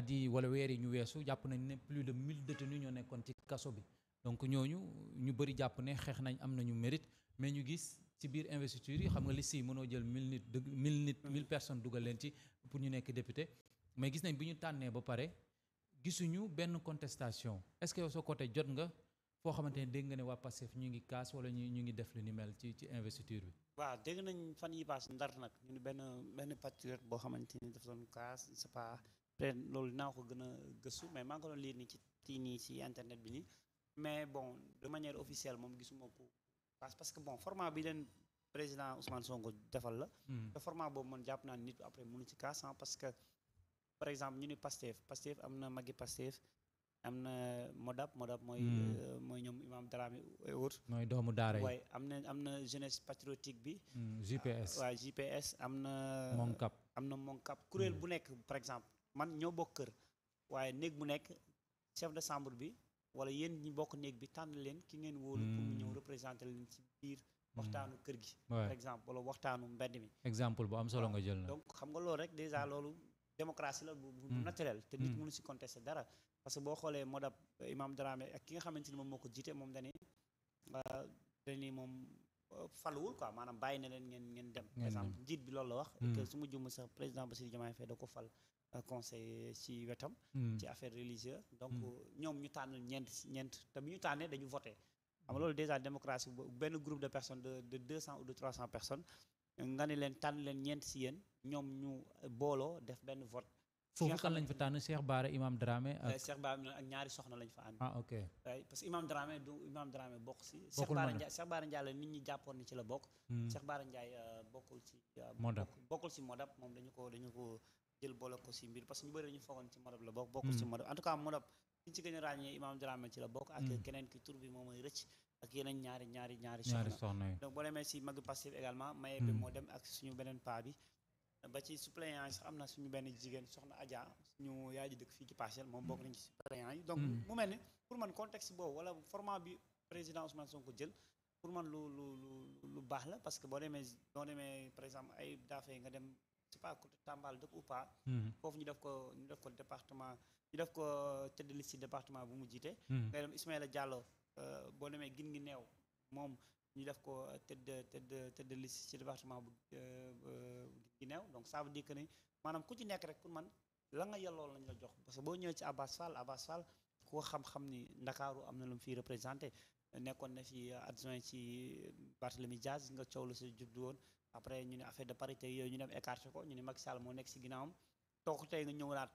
at yi wala weer yi ñu weesu jàpp nañ ne plus de mille détenus ñoo nekkoon ci kaso bi donc ñooñu ñu bëri jàpp ne xeex nañ am nañu mérite mais ñu gis ci biir investiture yi xam nga liste yi mënoo jël mille nit dëgg mille nit mm. mille personnes dugal leen ci pour ñu nekk député mais gis nañ bi ñu tànnee ba pare gisuñu benn contestation est-ce que yow sa côté jot nga foo xamante dégg nga ne waa ñu ngi kaas wala ñu ñu ngi def lu ni mel ci investiture bi. waaw dégg nañ fan yi paas peut-être loolu naa ko gën a gëstu mais maa ngi ko doon lire nii ci tii nii internet bi nii mais bon de manière officielle moom gisuma ko parce que bon format bi leen président Ousmane Sonko defal la hmm. te format boobu man jàpp naa nit après mënu ci kaas parce que par exemple ñu ni Pastef Pastef am na maggi Pastef am na Modap Modap mooy hmm. euh, mooy ñoom Imam Dramé et autres mooy doomu daara yi am na am na jeunesse patriotique bi hmm, JPS waaw ah, am na Moncap am na Moncap kuréel bu nekk par exemple man ñoo bokk kër waaye néeg bu nekk chef de chambre bi wala yéen ñi bokk néeg bi tànn leen ki ngeen wóolu pour mu ñëw hmm. représenter leen ci biir hmm. waxtaanu kër gi par exemple wala waxtaanu mbedd mi exemple bu am solo nga jël na donc xam nga loolu rek déjà hmm. loolu démocratie la bu naturel te nit mënu si contester dara parce que boo xoolee moo dab euh, Imam Dramé ak ki nga xamante ni moom moo ko jiite moom dani euh, dani moom euh, faluwul quoi maanaam bàyyi na leen ngeen ngeen dem par exemple njiit bi Euh, conseiller ci wetam. Hmm. ci affaire religieuse. donc hmm. ñoom ñu tànn ñeent ñeent te bu ñu tànnee dañu voté. xam nga loolu déjà démocratie benn groupe de personnes de de deux cent ou de trois cent personnes nga ne leen tànn leen ñeent si yéen ñoom ñu booloo def benn vote. foofu kan lañ fa tànn Cheikh Bara Imam Dramé ak. Euh, Cheikh Bara ak ñaari soxna lañ fa ànd. ah ok parce que Imam Dramé Imam Dramé bokk si. bokkul Cheikh Bara Ndiaye Cheikh la nit ñi jàppoon ni ci la bokk. Hmm. Cheikh Bara Ndiaye euh, bokkul ci. Modap bokkul si Modap moom dañu ko jël boole ko si mbir parce que ñu bëri ñu foogoon ci Modou la bokk hmm. bokkul si Modou en tout cas Modou liñ ci gën a Imam Dramé ci la bokk hmm. ak keneen ki tur bi moom mooy rëcc ak yeneen ñaari ñaari ñaari soxna donc boo demee hmm. yaay ji dëkk fii ci Parcelles moom bokk nañ ci suppléant yi donc mu mel ni pour man contexte boobu wala format bi président Ousmane Sonko jël pour man lu lu lu lu baax la parce que boo demee boo par exemple ay daafee nga dem c'est pas Tamba la dëkk ou pas. Mm-hmm. foofu ñu def ko ñu ko département ñu def ko tëdd liste département bu mu jiite. Mm-hmm. ngay dem Ismaïla Diallo euh, boo demee gin ngi neew moom ñu def ko tëdd tëdd tëdd liste ci département bu gin ngi neew donc ça veut dire que ni maanaam ku ci nekk rek pour man la nga yellool lañ la jox parce boo ñëwee ci Abass Fall Abass Fall ku ko xam-xam ni Ndakaaru am na lu mu fiy représenté nekkoon na fi euh, adjoint ci euh, Barthélemy Diaz nga coow lu si jublu woon après ñu ne affaire de parité yooyu ñu dem écarté ko ñu ne Macky Sall moo nekk si ginnaawam toog tey nga ñëwalaat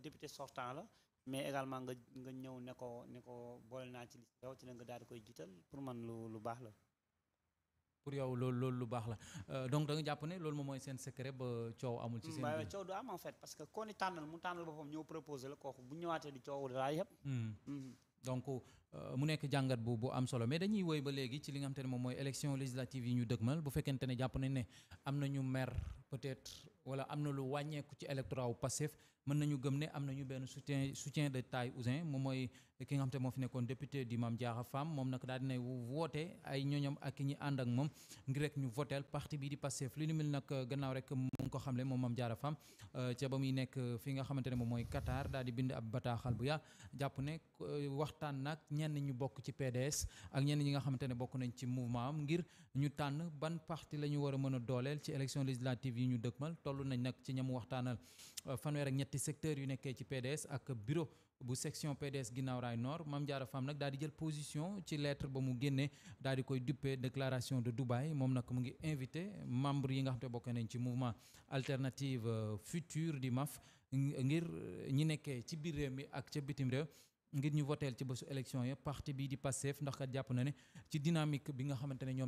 député sortant la mais également nga nga ñëw ne ko ne ko boole naa ci liste yow ci la nga daal di koy jiital pour man lu lu baax la. pour yow loolu loolu lu baax la euh, donc da nga jàpp ne loolu moom mooy seen secret ba coow amul. ci seen coow du am en fait parce que koo ni tànnal mu tànnal boppam ñëw proposé la kooku bu ñëwaatee di coow yëpp. Hmm. Hmm. donc euh, mu nekk jàngat bu bu am solo mais dañuy woy ba léegi ci li nga xamante ne moom mooy élection législative yi ñu dëgmal bu fekkente ne jàpp nañ ne am na ñu mer peut-être wala am na lu wàññeeku ci électorat wu Pastef mën nañu gëm ne am ñu benn soutien soutien de taille Ousin moom mooy ki nga xam te moo fi nekkoon député di Mame Diarra Fam moom nag daal dinay woote ay ñooñam ak ñi ànd ak moom ngir rek ñu voteel parti bi di Pastef li nu mel nag euh, gannaaw rek mu ngi ko moom Mame Diarra Fam euh, ca ba muy nekk euh, fi nga xamante ne moom mooy Qatar daal di bind ab bataaxal bu yaa jàpp ne waxtaan nag ñenn ñu bokk ci PDS ak ñenn ñi nga xamante ne bokk nañ ci mouvement am ngir ñu tànn ban parti la ñu war a mën a dooleel ci élection législative yi ñu dëkkmal toll nañ nag ci ñamu waxtaanal fanweer ñetti secteurs yu nekkee ci PDS ak bureau bu section PDS ginnaaw raay nord Mame Diarra Fam nag daal jël position ci lettre ba mu génnee daal di koy duppee déclaration de Dubaï moom nag mu ngi invité membre yi nga xam te bokk nañ ci mouvement alternative euh, future di MAF ngir euh, ñi nekkee ci biir réew mi ak ca bitim réew ngir ñu voteel ci bésu élection ya parti bii di Pastef ndax kat jàpp na ne ci dynamique bi nga xamante ne ñoom